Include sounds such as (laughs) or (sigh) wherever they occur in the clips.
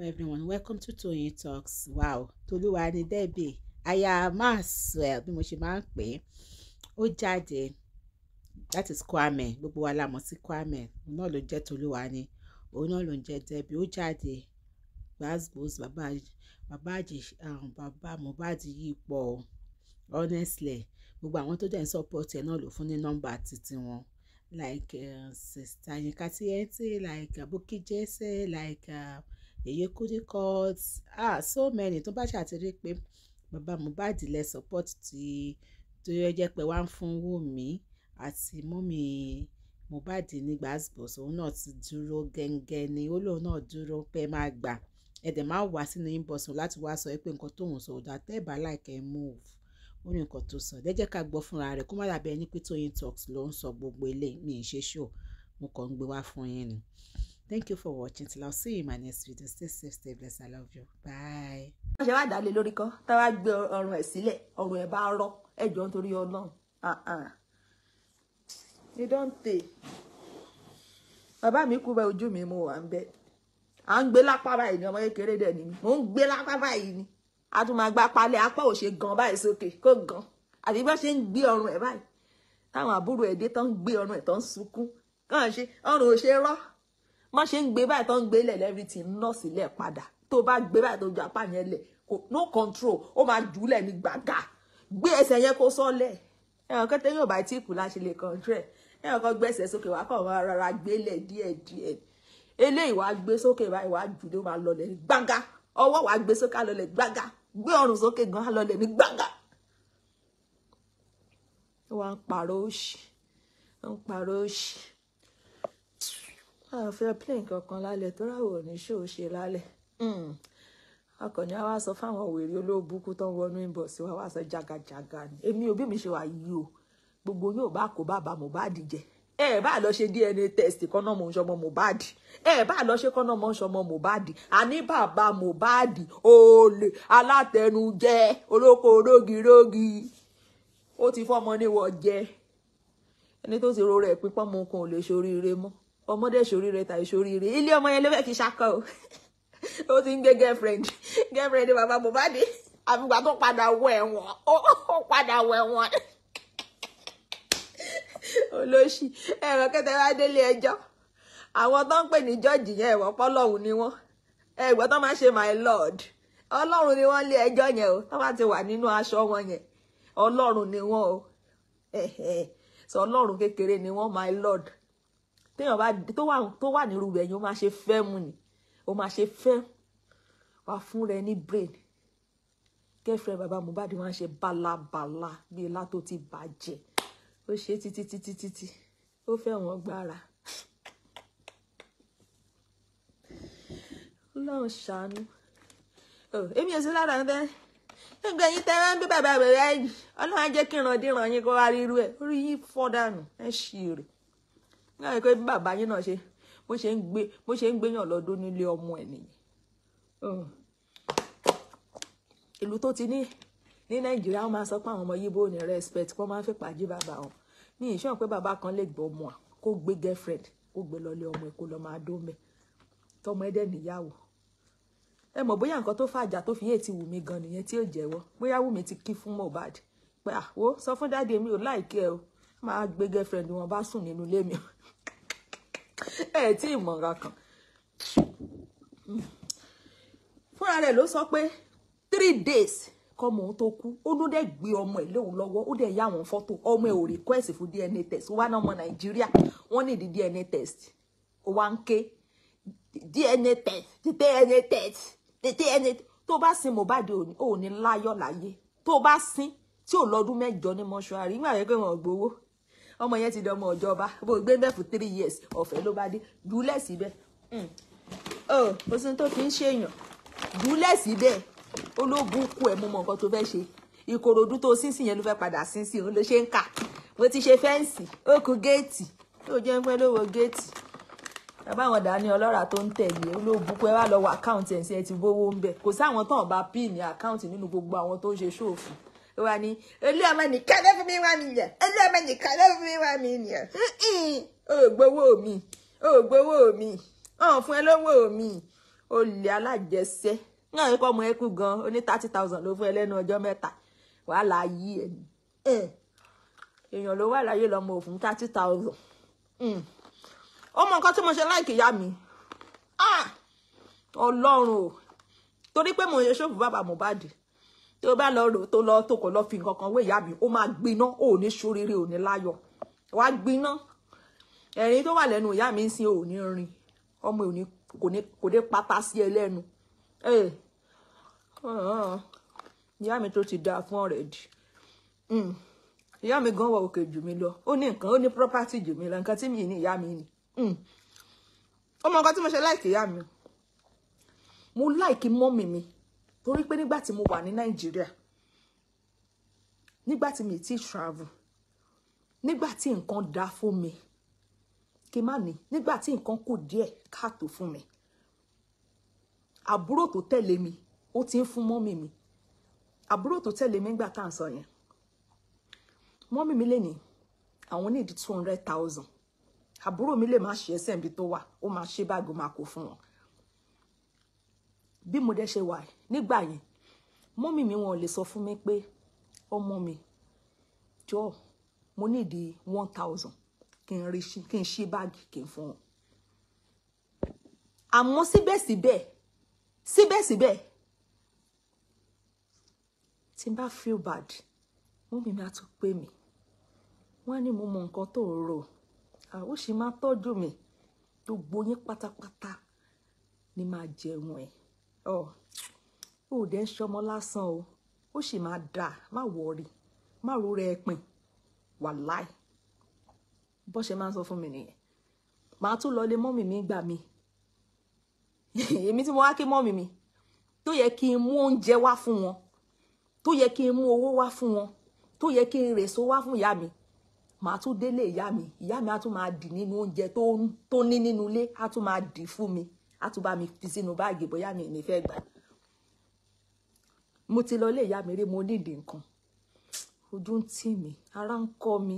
Hello everyone, welcome to Toyeen Talks. Wow, Tolúwani debi aya Maxwell bí mo ṣe máa ń pè é, ó jáde that is Kwame, gbogbo wa la mọ̀ sí Kwame, òun náà ló ń jẹ́ Tolúwani, òun náà ló ń jẹ́ Debbie, ó jáde gbazgbos bàbá bàbá um, bàbá Mohbad yìí pọ̀ o, honestly, gbogbo àwọn tó dẹ̀ ń support ẹ̀ náà ló fún ní nọ́mbà títí wọn like uh, Sister Yinka TNT, like Abuki Jesse, like. Uh, Yèyé Kudi court ah so many tó bá ṣàtìrí pé bàbá Mohbad lẹ support ti tó yẹ jẹ́ pé wá ń fún Wùmí àti mọ́mì Mohbad ní gbàsbọ̀s òun náà ti dúró gẹ́ngẹ́ ni ó lóun náà dúró pé máa gbà ẹ̀dẹ̀ máa wá sínú inbox láti wá sọ pé nǹkan tóun sọ ọ̀dà tẹ́ẹ̀bà láìkẹ́ move ó ní nǹkan tó sọ lẹ́jẹ́ ká gbọ́ fúnra rẹ̀ kó má dàbí ẹni pé Toyin Talks ló ń sọ gbogbo eléyìí mi ì ṣe ṣó mo kàn ń gbé wá fún yín ni thank you for watching till I see you in my next video stay safe stay blessed i love you bye. wọ́n ṣe wá dálé lórí kan tá a gbé ọrùn ẹ̀ sílẹ̀ ọrùn ẹ̀ bá rọ ẹjọ́ nítorí ọlọ́run ní dante bàbá mi kú bẹ ojú mi mo wà ń bẹ à ń gbé lápá báyìí ni ọmọ kékeré dẹ̀ ni mò ń gbé lápá báyìí ni a tún máa gbá palẹ̀ apá ò ṣe gan báyìí sókè kó gan àti bá ṣe ń gbé ọrùn ẹ̀ báyìí táwọn àbúrò ẹ̀ dé tán ń gbé ọrùn ẹ̀ tán ń sunkún kàn ṣe ọrùn ò ṣe rọ́ má ṣe ń gbé báyìí tó ń gbé lẹ̀ everything náà sílẹ̀ padà tó bá gbé báyìí tó ju apá yẹn lẹ̀ no control ó máa jùlẹ̀ ní gbàgà gbé ẹsẹ̀ yẹn kó sọ́lẹ̀ ẹ̀hàn kẹta yóò bá tí kù láṣẹ lè control ẹ̀hàn kan gbẹ̀sẹ̀ sókè wá kàn wọ́n rárá gbélẹ̀ díẹ̀díẹ̀ eléyìí wàá gbé sókè báyìí wàá jù lé wàá lọlẹ̀ ní gbàgà ọwọ́ wàá gbé sókè lọlẹ̀ gbàgà gbé ọrùn sókè gan lọlẹ̀ ní gbàgà. wọ́n á ń pàrọ̀ òṣì ń pàrọ̀ òṣì a fẹ́ plane kankan lálẹ́ tó ráwọ̀ ní ṣó ṣe lálẹ́ akọni hmm. àwa sọ fáwọn wèrè olóòbùkún tó ń wọnú ìbọ̀ sí wa wá sọ jagajaga ni èmi òbí mi ṣe wà yìí o gbogbo yóò bá kó bàbá Mohbad jẹ ẹ bá lọ ṣe DNA test kọ́nà mò ń ṣọmọ Mohbad ẹ bá lọ ṣe kọ́nà mò ń ṣọmọ Mohbad àní bàbá Mohbad olè alátẹnujẹ olóko rógirógi ó ti fọmọ níwọ jẹ ẹni tó ti rọra ẹ pípọ́n mọ́ kan ò lè ṣoríire mọ́ ọmọdé ṣoríire tàbí ṣoríire ilé ọmọ yẹn ló fẹ́ fi ṣakọ o (laughs) ó ti ń gbé girlfriend girlfriend bàbá Mohbad àfìgbà tó padà wọ ẹ̀wọ̀n ó padà wọ ẹ̀wọ̀n (laughs) olóṣì ẹ̀rọ kẹtẹ wá délé ẹjọ́ àwọn tó ń pè ní jọ́ọ̀jì yẹn ẹ̀wọ̀n pọ́lọ́hùn ni wọ́n ẹ̀gbọ́n tó máa ṣe my lord ọlọ́run ni wọ́n lé ẹjọ́ yẹn o tó bá ti wà nínú aṣọ wọn yẹn ọlọ́run ni wọ́n o sọ ọlọ́run kékeré ni wọ́n my lord téèyàn bá tó wà tó wà nírú rẹ̀ yẹn ó máa ṣe fẹ́ mu ni ó máa ṣe fẹ́ wá fún rẹ ní brain kẹfẹ bàbá Mohbad wọ́n ṣe balabala bíi ilá tó ti bàjẹ́ ó ṣe títí títí títí ó fẹ́ wọn gbára lọ́n ṣàánú èmi ò sí lára ń bẹ́ẹ̀ nígbà yín tẹ́ wọ́n ń bí bàbá bẹ̀rẹ̀ ẹ̀yìn ọlọ́run á jẹ́ kí ìrandíran yín kó wá rí irú ẹ̀ orí yín fọ́ dànù ẹ̀ ṣì rè náà ni pé bàbá yín náà ṣe bó ṣe ń gbé bó ṣe ń gbéyàn lọ́dún nílé ọmọ ẹ̀ nìyí hmm. ìlú tó ti ní ní nàìjíríà wọ́n máa sọ pé àwọn ọmọ yìí bò ní respect wọ́n máa ń fi pàdé bàbá wọn ní ìṣàn pé bàbá kan lè gbọ́ ọmọ kó gbé girlfriend kó gbé lọlé ọmọ ẹ̀ kó lọ máa dó mẹ tọmọ ẹdẹ níyàwó ẹ mọ̀ bóyá nǹkan tó fàjà tó fi yé ti wù mí gan nìyẹn tí ò jẹ́wọ́ bóyá wù mí ti kí fún Mohbad pé àwo sọ fún dáàdi mi ò láìkí ẹ o máa gbé girlfriend wọn bá sùn nínú ilé mi ẹ tí ì mọ̀ra kan fúnra rẹ̀ ló sọ pé three days kọmọ tó kú ó ló dẹ̀ gbé ọmọ ẹ̀ lóun lọ́wọ́ ó dẹ̀ yá àwọn fọ́tò ọmọ ẹ̀ ò request fún DNA test ó wá náà ọmọ Nàìjíríà wọ́n ní DNA test ó wá ń ké DNA test DNA test DNA tó bá sin Mohbad ò ní láyọ̀ láyé tó bá sin tí ò lọ́dún mẹ́jọ ní mọ́ṣúárì nígbà yẹn pé wọ́n gbowó ọmọ yẹn ti dọmọ ìjọba bó gbé bẹ́ẹ̀ fún three years ọ̀fẹ́ ló bá dé dúlẹ̀ síbẹ̀ hmm. o kò sí tó fi ń ṣèyàn dúlẹ̀ síbẹ̀ ológun kú ẹ̀ mú mọ nǹkan tó fẹ́ ṣe ìkòròdú tó sínsìn yẹn ló fẹ́ padà sínsìn òun ló ṣe ń kà mo ti ṣe fẹ́ǹsì ó kù géètì tó jẹ́ ń pẹ́ lówó géètì bàbá àwọn dání ọlọ́ra tó ń tẹ̀lé olóòbùkún ẹ wá lọ wọ àkáǹtì ẹ̀ sí ẹ ti gbówó ń bẹ̀ kò sáwọn tán bá píìnì àkáǹtì nínú gbogbo àwọn tó ń ṣe ṣòfò ó wá ní olú ọmọ nìkan ló fún mi wá mílíọ̀n olú ọmọ nìkan ló fún mi wá mílíọ̀n ó mi ó gbowó mi ọ̀n fún ẹ mi olè alájẹsẹ́ náà yẹ e kó ọmọ ẹ kú gan oní thirty thousand ló fún ẹ wa la mẹ́ta wàhálà yí ẹ ni èèyàn eh, ló wà láyé lọ́mọ òfin thirty thousand ó mọ nǹkan tí mo ṣe láìkì ìyá mi ah! ọlọ́run o torí pé mo ń ṣe ṣòfò bàbá tó bá lọ rò tó lọ tó kò lọ fi nǹkan kan wé ìyá mi ó máa gbiná ó ní ṣoríire ò ní láyọ̀ wá gbiná ẹ̀rín tó wà lẹ́nu ìyá mi ń sin ò ní rin ọmọ ò ní kò ní pátá sí ẹ lẹ́nu eh. ìyá mi tó ti dáa fún ọ̀rẹ́dì hmm. ìyá mi gan wọ òkè jù mí lọ ó ní nǹkan ó ní property jù mí lọ nǹkan tí mi ní ìyá mi ni hmm. ó mọ nǹkan tí mo ṣe láìkì ìyá mi mo láìkì mọ́mì mi torí pé nígbà tí mo wà ní nàìjíríà nígbà tí mi ti travel nígbà tí nǹkan dá fún mi kí má ní nígbà tí nǹkan kù díẹ̀ káàtó fún mi àbúrò tó tẹ̀lé mi ó ti ń fún mọ́mì mi àbúrò tó tẹ̀lé mi nígbà tá à ń sọ yẹn mọ́mì mi lè ní àwọn nídìí two hundred thousand àbúrò mi lè má ṣe ẹsẹ̀ níbi tó wà ó máa ṣe báàgì ó máa kó fún wọn bí mo dẹ̀ ṣe wà yìí nígbà yẹn mọ́mì mi wọn lè sọ fún mi pé ọmọ mi jọ mo nídìí one thousand kí n rí kí n ṣí báàgì kí n fún wọn. àmọ́ síbẹ̀síbẹ̀ síbẹ̀síbẹ̀ tí n bá feel bad mọ́mì mi á tún pè mí wọ́n á ní mo mọ nǹkan tó ń rò àwọn sì máa tọ́jú mi gbogbo yín pátápátá ni máa jẹun ẹ̀ ọ́. Oh o ò dẹ̀ ń ṣọmọ lásán o ó sì máa dà má wọrí má rora ẹ pin wàláì bó ṣe máa ń sọ fún mi nìyẹn màá tún lọ lé mọ́mì mi gbà mí (laughs) èmi tí mo wá kí mọ́mì mi tó yẹ kí n mú oúnjẹ wá fún wọn tó yẹ kí n mú owó wá fún wọn tó yẹ kí n rèso wá fún ìyá mi màá tún délé ìyá mi ìyá mi á tún máa dì nínú oúnjẹ tó ní nínú ilé á tún máa dì fún mi á tún bá mi fi sínú báàgì bóyá mi ò ní fẹ́ gbà mo ti lọ ilé ìyá mi rí mo nídìí nǹkan ojú ń tì mí ara ń kọ́ mi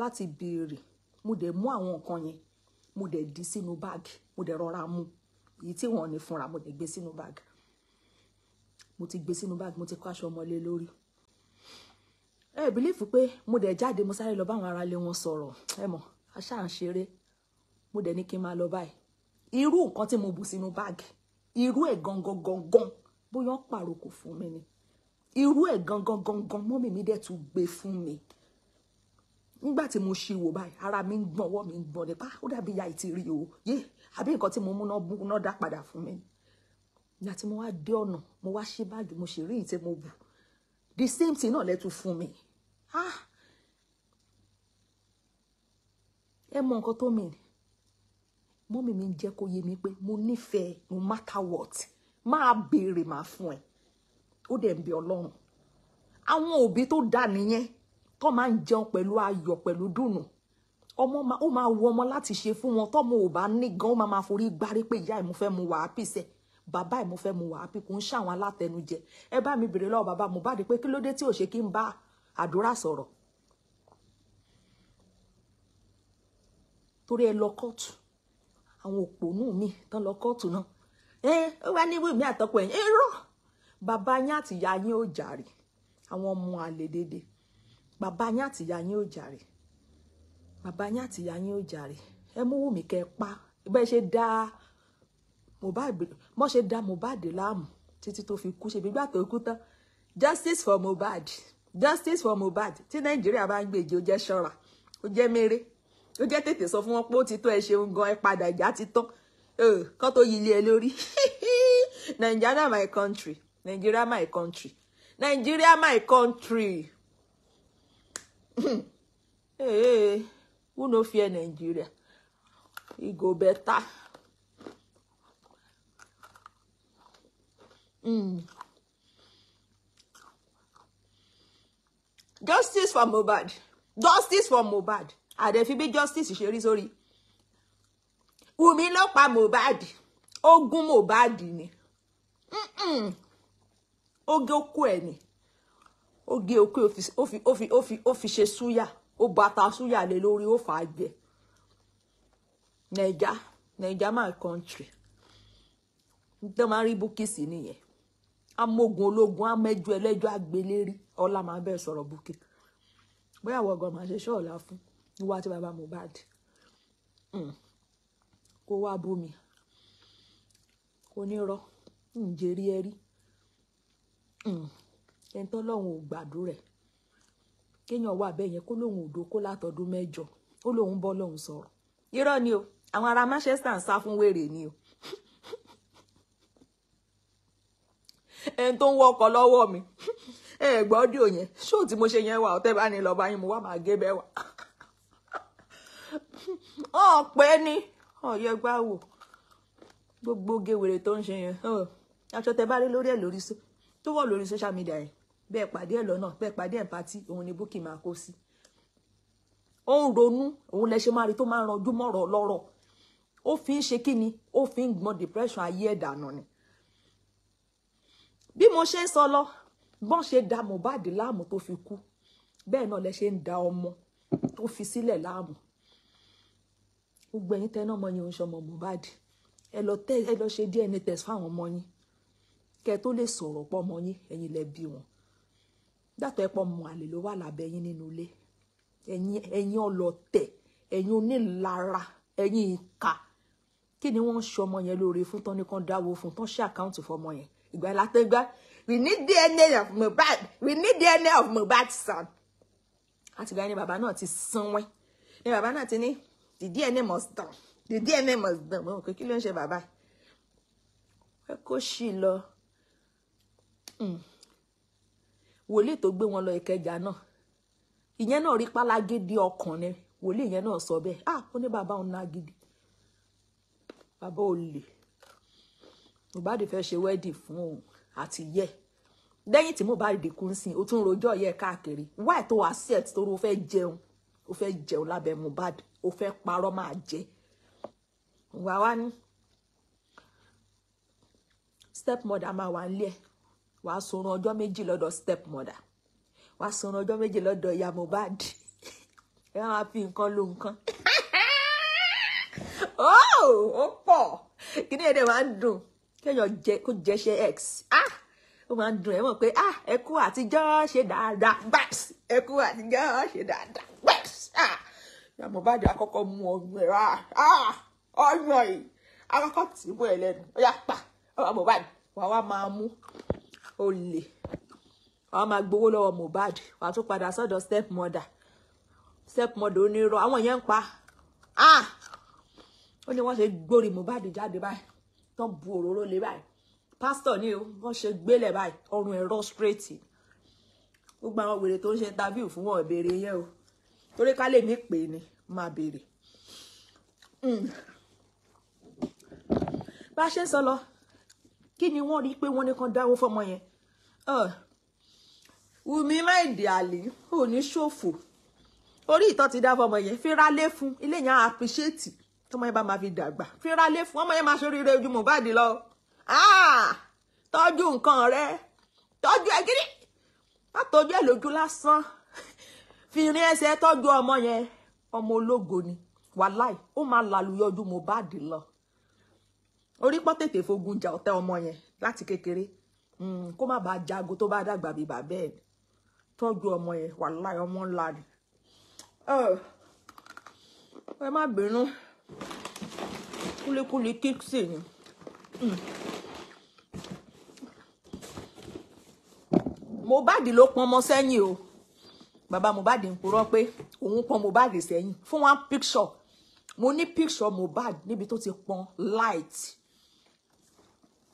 láti béèrè mo dẹ̀ mú àwọn nǹkan yẹn mo dẹ̀ dì sínú báàgì mo dẹ̀ rọra mú èyí tí wọ́n ní fúnra mo dẹ̀ gbé sínú báàgì mo ti gbé sínú báàgì mo ti kó aṣọ ọmọlé lórí ẹ bìlífù pé mo dẹ̀ jáde mo sáré lọ báwọn aráalé wọn sọ̀rọ̀ ẹ mọ̀ aṣá à ń ṣeré mo dẹ̀ ní kí n máa lọ báyìí irú nǹkan tí mo bù sínú báàgì irú ẹ̀ gangan gangan bóyá pàrokò fún mi ni irú ẹ̀ gangan gangan mọ́mì mi dẹ̀ tún gbé fún mi nígbà tí mo ṣe wò báyìí ara mi ń gbọ̀n ọwọ́ mi ń gbọ̀n nípa ó dàbí ya ìtì rí o yé àbí nǹkan tí mo múná bú náà dá padà fún mi ìgbà tí mo wá dé ọ̀nà mo wá ṣí báàgì mo ṣe rí ìtẹ́ mo bù the same thing náà lẹ́tún fún mi ẹ mọ nǹkan tó mi mọ́mì mi ń jẹ́ kó yé mi pé mo nífẹ̀ẹ́ no matter what máa béèrè máa fún ẹ ó dẹ̀ ń bẹ ọlọ́run àwọn òbí tó dà nìyẹn tó máa ń jẹun pẹ̀lú ayọ̀ pẹ̀lú dùnù ọmọ ó máa wu ọmọ láti ṣe fún wọn tọ́mọ ò bá ní gan ó máa máa forí gbárí pé ìyá ìmúfẹ́ mu wàá pìṣẹ́ bàbá ìmúfẹ́ mu wàá pì kò ń ṣàwọn alátẹnujẹ ẹ bá mi bèrè lọ́wọ́ bàbá Mohbad pé kí ló dé tí ò ṣe kí n bá àdúrà sọ̀rọ̀ torí ẹ lọ kóòtù àwọn òpònú mi tán lọ kóòtù náà Eh, ó wá ní wíwí àtọkọ ẹ̀yìn èrò bàbá yín àtìyá yín ò jàre àwọn ọmọ àlè dédé bàbá yín àtìyá yín ò jàre bàbá yín àtìyá yín ò jàre ẹ mú Wùmí kẹ́ pa bẹ́ ṣe dá Mohbad mọ́ ṣe dá Mohbad láàmú títí tó fi kú ṣe gbígbà tó kú tán justice for Mohbad justice for Mohbad tí Nàìjíríà bá ń gbèjì ó jẹ́ ṣọ́ra ó jẹ́ méré ó jẹ́ tètè sọ fún wọn pé ó ti tó ẹ ṣeun gan ẹ padà ìjà ti tán Oh, kán tó yí ilé ẹ e lórí (laughs) Nigeria my country Nigeria my country Nigeria my country hey, (laughs) eh, eh, who no fear Nigeria e go better. Mm. Justice for Mohbad. Justice for Mohbad. Àdẹ̀fi bí justice ṣe rí sórí Wùmí ló pa Mohbad ó gún Mohbad ni ó gé okú ẹ̀ ni ó gé okú ó fi ṣe súyà ó bàtà súyà lé lórí ó fà á jẹ naija naija my country tó máa ń rí búkìsì nìyẹn amógun ológun amẹjọ ẹlẹ́jọ́ agbélérí ọlá máa bẹ sọ̀rọ̀ búkì bóyá àwọn ọgọ máa ṣe ṣọọlá fún ìwà bàbá Mohbad. Mm kó wá bómi kó ní rọ ǹjẹ́rí ẹ rí hmm. ẹni tó lọ́hùn ò gbàdúrà kéèyàn wà bẹ́ẹ̀ yẹn kó lóun ò dókó látọdún mẹ́jọ ó lóun bọ́ lóun sọ̀rọ̀ irọ́ ni o àwọn ará Manchester ń sá fún wèrè ni o (laughs) ẹni tó ń wọkọ̀ lọ́wọ́ mi (laughs) ẹ gbọ́ ọ́díò yẹn ṣó tí mo ṣe yẹn wà ọ̀tẹ́ bá ní lọ́ba yín mo wá máa gé bẹ́ẹ̀ wà (laughs) ọ̀pẹ ni ọ̀yẹ́ gbá wò gbogbo gewèrè tó ń ṣe yẹn aṣọ tẹ bá rí lórí ẹ̀ lórí tó wọ̀ lórí social media yẹn bẹ́ẹ̀ pàdé ẹ̀ lọ́nà bẹ́ẹ̀ pàdé ẹ̀ pátí òun ni Bukky máa kó sí ó ń ronú òun lẹ ṣe máa rí tó máa ń ranjú mọ́rọ̀ lọ́rọ̀ ó fi ń ṣe kí ni ó fi ń gbọ́n depression ayé ẹ̀ dànù ni bí mo ṣe ń sọ lọ bọ́n ṣe da Mohbad láàmú tó fi kú bẹ́ẹ̀ náà lẹ ṣe ń da ọmọ tó fi sílẹ̀ láàmú gbogbo ẹ̀yin tẹ́ná ọmọ yẹn ò ń ṣọmọ Mohbad ẹ lọ tẹ ẹ lọ ṣe DNA test fáwọn ọmọ yín kẹ́ tó lè sọ̀rọ̀ pọ̀ ọmọ yín ẹ̀yin lẹ bí wọn dàtọ̀ ẹ pọ̀ mọ àlè ló wà lábẹ́ yín nínú ilé ẹ̀yin ẹ̀yin ọlọ̀tẹ̀ ẹ̀yin onílara ẹ̀yin ìka kí ni wọ́n ń ṣe ọmọ yẹn lóore fún tán ní kan dáwó fún tán ṣe àkáǹtì fọmọ yẹn ìgbà látẹgbà we need DNA of Mohbad we need DNA of Mohbad son àtìgbà ni bàbá náà ti sanwó ni bàbá náà ti ní the DNA must down the DNA must down mo pé kí ló ń ṣe bàbá ẹ kó ṣì lọ hmm. wòlíì tó gbé wọn lọ Ìkẹjà náà ìyẹn náà rí pálágídí ọkùnrin wòlíì yẹn náà sọ bẹ́ẹ̀ ah ó ní bàbá òun náà gidi bàbá olè Mohbad fẹ́ ṣe wẹ́ẹ̀dì fún òun àti yẹ lẹ́yìn tí Mohbad de ń sìn ó tún rojọ́ yẹ káàkiri wáì tó wá sí ẹ̀ tó rò fẹ́ jẹun ó fẹ́ jẹun lábẹ́ Mohbad o fẹ́ parọ́ máa jẹ wà wá ní stepmother máa wà nílé ẹ̀ wàá sunrun ọjọ́ méjì lọ́dọ̀ stepmother wàá sunrun ọjọ́ méjì lọ́dọ̀ ìyá Mohbad ẹ wá fi nǹkan lo nǹkan (laughs) oh, ó pọ̀ kí ni èdè máa ń dùn kéèyàn jẹ kó jẹṣẹ x ah ó máa ń dùn ẹ mọ̀ pé ah ẹkú àtijọ́ ṣe dáadáa báyìí ẹkú àtijọ́ ṣe dáadáa ìyá Mohbad akọ́kọ́ mú ọyún ẹ̀ ah, ah, ọyún ẹ̀ akọ́kọ́ tì í bọ̀ ẹ̀ lẹ́nu ó yà pa ọmọ Mohbad wàá wá máa mú olè wàá máa gbowó lọ́wọ́ Mohbad wàá tún padà sọ́dọ̀ step mother step mother onírọ́ àwọn yẹn ń pa ah! ó ní wọ́n ṣe gbórí Mohbad jáde báyìí tán bu òróró lé báyìí pásítọ̀ ni wọ́n ṣe gbélẹ̀ báyìí ọrùn ẹ̀rọ straight gbogbo àwọn wèrè tó ń ṣe interview fún wọn ìbéèrè yẹn o torí ká lè ní pè é ni máa béèrè hmm. bá a ṣe ń sọ lọ kí ni wọ́n rí pé wọ́n ní kan dáwó fọmọ yẹn Wùmí Máìdì Àlì ò ní ṣòfò orí ìtọ́ ti dá fọmọ yẹn fínra lé fún ilé yẹn á àpíṣẹ́ẹ̀tì tọmọ yẹn bá máa fi dàgbà fínra lé fún ọmọ yẹn máa ṣoríire ojú Mohbad lọ ah! tọ́jú nǹkan rẹ tọ́jú ẹ gidi má tọ́jú ẹ lójú lásán fi rin ẹsẹ̀ tọ́jú ọmọ yẹn ọmọ ológo ni wàláì ó máa làlùyọjú Mohbad lọ orí pọ́ tètè fogun jà ọ̀tẹ̀ ọmọ yẹn láti kékeré hmm, kó má bàa jago tó bá dàgbà bí bàbá ẹ̀ tọ́jú ọmọ yẹn wàláì ọmọ ńlá ni oh, ẹ má bínú kúlíkúlí kíkìsì ni. Hmm. Mohbad ló pọnmọ sẹ́yìn o. Baba Mohbad ń purọ́ pé òun pọn Mohbad sẹ́yìn fún one picture mo ní picture Mohbad níbi tó ti pọn light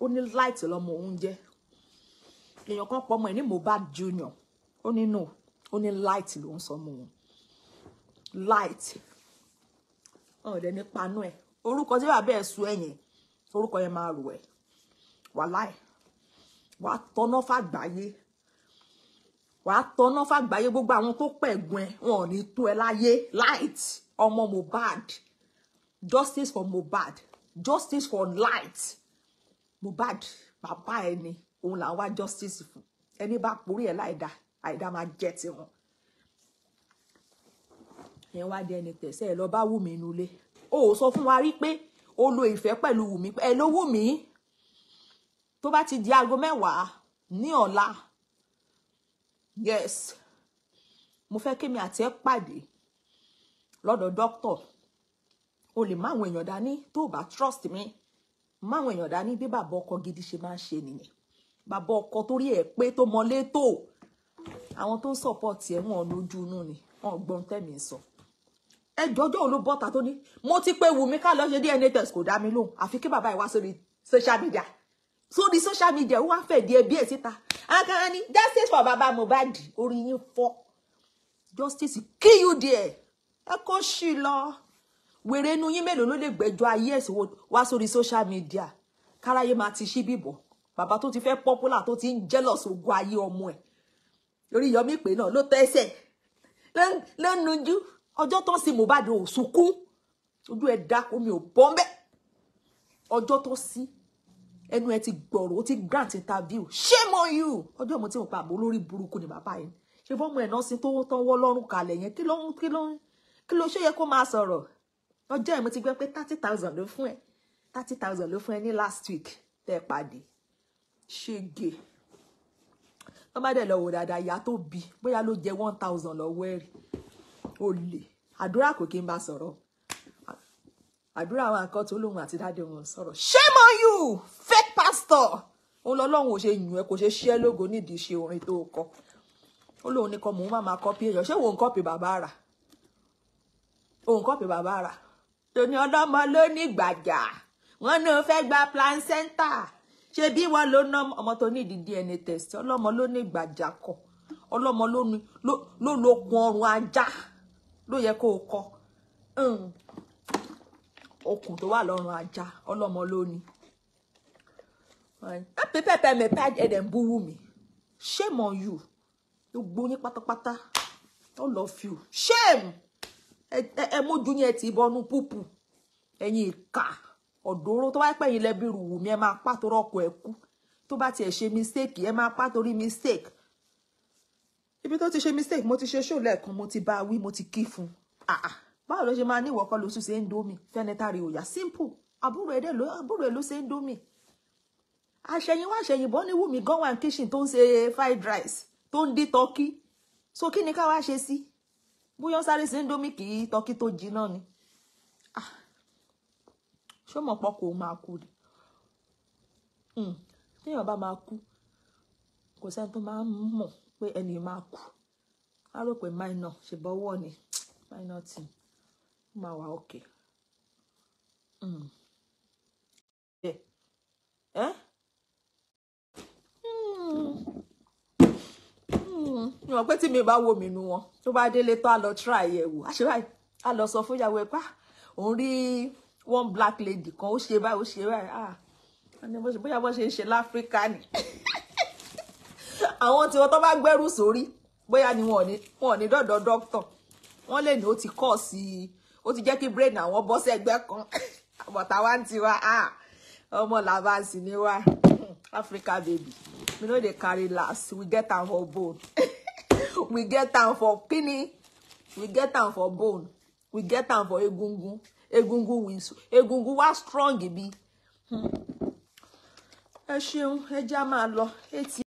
ó ní light lọmọ òun jẹ́ èèyàn kan pọ ọmọ ẹ̀ ní Mohbad junior ó ní no ó ní light ló ń sọ ọmọ òun light ọ̀dẹ̀ ní panú ẹ̀ orúkọ tí bàbá ẹ̀ sọ ẹ̀yìn orúkọ yẹn máa rò ẹ̀ wàláì wàá tọ́nà fàgbáyé wàá tọ́ná fàgbáyé gbogbo àwọn tó pẹ̀gùn ẹ wọn ò ní tó ẹ láyé light ọmọ Mohbad justice for Mohbad justice for light Mohbad bàbá ẹ ni òun là wá justice fún ẹni bá porí ẹ láìda àìda máa jẹ tiwọn ẹ wá di ẹni tẹsẹ ẹ lọ bá Wùmí nulẹ̀ o ò sọ fún wa rí pé o lo ìfẹ́ pẹ̀lú Wùmí ẹ ló Wùmí tó bá ti di aago mẹ́wàá ní ọ̀la yes mo fẹ́ kémi àti ẹ pàdé lọ́dọ̀ dókítà o lè má àwọn èèyàn dání tó bá trust mi má àwọn èèyàn dání bí bàbá ọkọ gidi ṣe máa ń ṣe nìyẹn bàbá ọkọ torí ẹ pé tó mọlé tó àwọn tó ń support ẹ wọn lójú inú ni wọn gbọ́n tẹ̀mí sọ ẹ jọjọ́ ló bọ́ta tó ní mo ti pé Wùmí ká lọ ṣe DNA test kò dá mi lóhùn àfi kí bàbá ẹ wá sórí social media sórí social media ó wá fẹ̀dí ẹbí ẹ̀ síta akara ni justice for baba Mohbad orí yín justice kill you there ẹ kó ṣì lọ wèrè inú yín mélòó ló lè gbẹ́jọ́ ayé ẹ̀sìn wá sórí social media káráyé máa ti ṣí bìbọ̀ bàbá tó ti fẹ́ popular tó ti ń jealous ogun ayé ọmọ ẹ̀ lórí yọmí pé náà ló tẹ́sẹ̀ lẹ́nujú ọjọ́ tó ń sin Mohbad ò sunkún ojú ẹ̀ dákú mi ò bọ́ mbẹ́ ọjọ́ tó sin ẹnu ẹ ti gbọ̀rọ̀ ó ti grant interview shame on you ọjọ́ mo ti mọ̀ pa àbò olórí burúkú ni bàbá yẹn ṣe fọ́mọ ẹ̀ náà sin tó tọwọ́ lọ́rùn kalẹ̀ yẹn kí ló ń kí ló ń kí ló ṣe yẹ kó máa sọ̀rọ̀ ọjọ́ ẹ̀ mo ti gbọ́ pé thirty thousand ló fún ẹ thirty thousand ló fún ẹ ní last week tẹ́ ẹ pàdé ṣègè wọ́n bá dẹ̀ lọ wò dáadáa ìyá tó bí bóyá ló jẹ one thousand lọ́wọ́ ẹ̀ rí olè àdúrà kò kí n bá sọ̀rọ̀ àdúrà àwọn akọ́tò olóhùn àti dáadé wọn sọ̀rọ̀ shame on you fẹ́ pásítọ̀ òun lọ́lọ́run ò ṣe yùn ẹ kò ṣe ṣẹ́ lógo nídìí ṣe orin tó kọ ó lóun nìkan mò ń má máa kọ́pì èèyàn ṣé òun kọ́pì bàbá rà òun kọ́pì bàbá rà tòní ọlọ́mọ ló ní gbàjà wọn ní o fẹ́ gba placenta ṣe bí wọn ló ná ọmọ tó ní ìdí DNA test ọlọ́mọ ló ní gbàjà kọ ọlọ́mọ ló ní ló lo kun ọrùn ajá ló yẹ kó o kọ okùn tó wà lọ́rùn ajá ọlọ́mọ ló ní happy pepper mi me ẹ dẹ̀ ń bú wù shame on you gbogbo yín pátápátá all love you shame ẹ mójú yín ẹ ti bọnú púpù ẹ̀yin ìka ọ̀dọ́ró tó wáyé pẹ̀yìn lẹ́bí rù wù mí ẹ máa pàtó rọ́ọ̀kọ̀ ẹ̀ kú tó bá tiẹ̀ ṣe mistake ẹ máa pàtó rí mistake ibi to ti ṣe mistake mo ti ṣe ṣó lẹ́ẹ̀kan mo ti bá a mo ti kí fún ah ah báwo ló ṣe máa ní ìwọ̀kọ́ lóṣù ṣe ń dómi fẹ́nẹ́tàrí òyà simple àbúrò ẹ̀ ló ṣe ń dómi àṣẹyìnwá àṣẹyìnbọ ní Wùmí gan wà ní kitchen tó ń ṣe fried rice tó ń dín tọ́kí so kí ni ká wá ṣe sí bóyá sáré sí indomie kì í tọ́kí tó jiná ni ah, ṣó mọ̀ pọ̀ kò máa kú ni hmm, téèyàn bá máa kú kò sẹ́ni tó máa ń mọ̀ pé ẹni máa kú á rò pé minor ṣèbọ̀ wọ̀ ni minor team ó máa wà òkè. Okay. Mm. Yeah. Eh? mi mọ̀ pé tí mi bá wo mi nu wọn tó bá délé tó á lọ try ẹ̀ wò àṣẹ báyìí á lọ sọ fún ìyàwó ẹ̀ pa ah, òun rí one black lady kan ó ṣe báyìí ó ṣe báyìí ah bóyá bó ṣe ń ṣe láfíríkà ni (laughs) àwọn tí wọn tó bá gbẹ́rù sórí bóyá ni wọn ò ní dọ̀dọ̀ dókítà wọn lè ní ó ti kọ sí i ó ti jẹ́ kí brain àwọn bọ́ sẹ́gbẹ́ kan (laughs) bọtà wa ń tiwa ah, ọmọ làbáǹsì ni wa hmm, Africa baby we know they carry last we get am for bone (laughs) we get am for kini we get am for bone we get am for egungun egungun wins egungun wa strong e bi hmm. ẹ ṣeun ẹ já máa lọ.